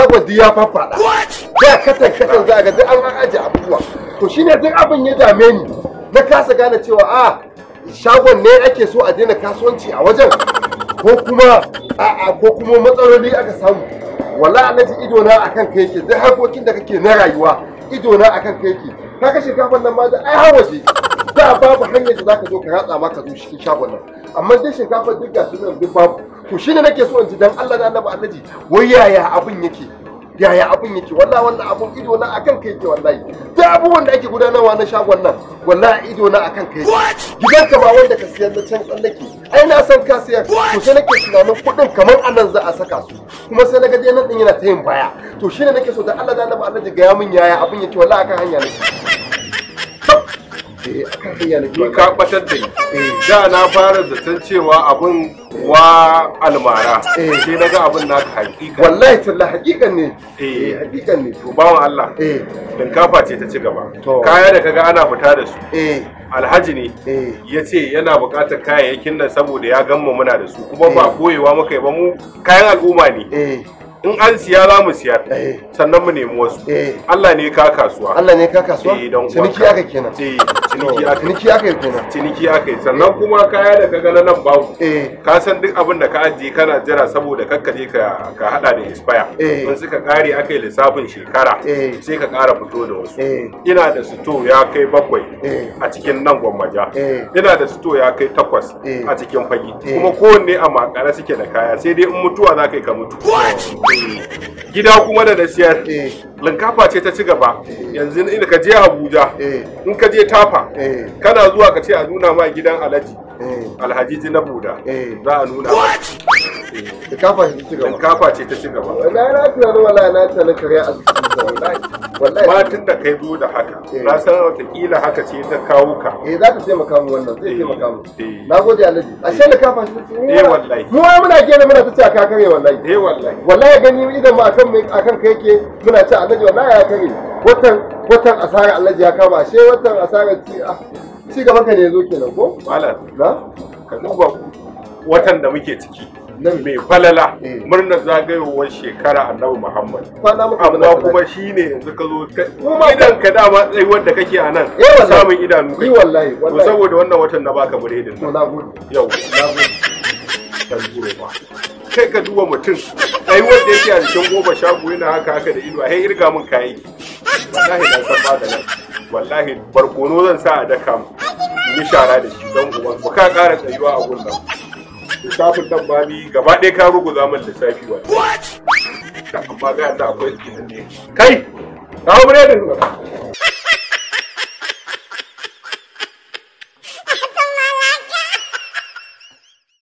saboda ya faffada da katan katan za ga duk an aje abubuwa to shine duk abin ya dame ni na kasa gane cewa a shagon ne ake so a daina kasuwanci a wajen ko kuma a ko kuma matsaloli aka samu wala alaji ido na akan kai yake duk harkokin da kake na rayuwa ido na akan kai yake ka kashe kafan nan ma da ai har waje da babu hanyar da zaka zo ka ratsa ma ka zo cikin shagon nan amma dai shinkafa duk gashi nan duk babu to shine nake so in ji dan Allah da Annabi Alhaji wai yaya abin yake yaya abin yake wallahi wannan abun ido na akan kai yake wallahi da abubuwan da ake gudanarwa na shagon nan wallahi ido na akan kai ka ba wanda ka siyar na can tsallake ai na san ka siyar to sai nake tunanin kuɗin kamar anan za a saka su kuma sai na ga nan din yana ta yin baya to shine nake so da Allah da Annabi Alhaji ga ya min yaya abin yake wallahi akan hanya ne ka batar da ni da na fara zaton cewa abin wa almara sai na ga abin na hakika wallahi talla hakikan ne eh hakikan ne to bawan Allah eh kafa ce ta ci gaba kaya da kaga ana fita da su eh alhaji ne eh. ya ce yana buƙatar kayayyakin nan saboda ya gamma muna da su kuma ba eh. koyewa muka yi ba mu kayan al'umma ne eh. in an siya za mu siyar eh. sannan mu nemi wasu eh. Allah ne ka kasuwa Allah ne ka kasuwa ciniki aka kenan ciniki aka ciniki aka kenan ciniki aka yi sannan kuma kaya da ka gana nan babu eh. ka san duk abin da ka ajiye kana jira saboda kakkaje ka ka hada da expire in suka kare aka yi lissafin shekara sai ka kara fito da wasu ina da sito ya kai bakwai a cikin nan gwammaja ina da sito ya kai takwas a cikin fagi kuma kowanne a makara suke da kaya sai dai in mutuwa za ka yi ka mutu gida kuma da na siyar eh. linkafa ce ta ci gaba eh. yanzu in ka je abuja eh. in ka je tafa kana zuwa ka ce a nuna ma gidan alhaji alhaji na buda za a nuna Kafa ce ta ci gaba. na ce ta ci gaba. Wallahi na tunanin wallahi na tunanin kare a wallahi. Matin da kai zo da haka. Eh. Na san watakila haka ce ta kawo ka. Eh za ta taimaka mu wannan zai eh. taimaka mu. Eh. Na gode Alhaji. Ashe da kafa ce Eh wallahi. Mu wai muna gene muna ta ci a kakare wallahi. Eh wallahi. Wallahi gani idan mu akan akan kai yake muna ci Alhaji wallahi ya kare. Watan watan asara Alhaji ya kama she watan asara ci ah, ci gaba ka ne zo kenan ko? Malam. Na? Ka duba watan da muke ciki. mai falala murnar zagayowar shekara annabi muhammad amma kuma shi ne yanzu ka zo kuma idan ka dama tsayuwar wadda kake a nan eh, samun idanu kai wallahi to saboda wannan watan na baka biredin yau kai ka duba mutum wadda ya yake a jikin goma shago yana haka haka da ido a irga min kayan wallahi dan san maganin wallahi barkono zan sa a daka mu yi shara da shi don uban ba ka kara tsayuwa a gunnan lissafin nan ba ni gaba ɗaya ka ruguza min lissafi wa amma ga yadda akwai ne. kai ka hau biredin nan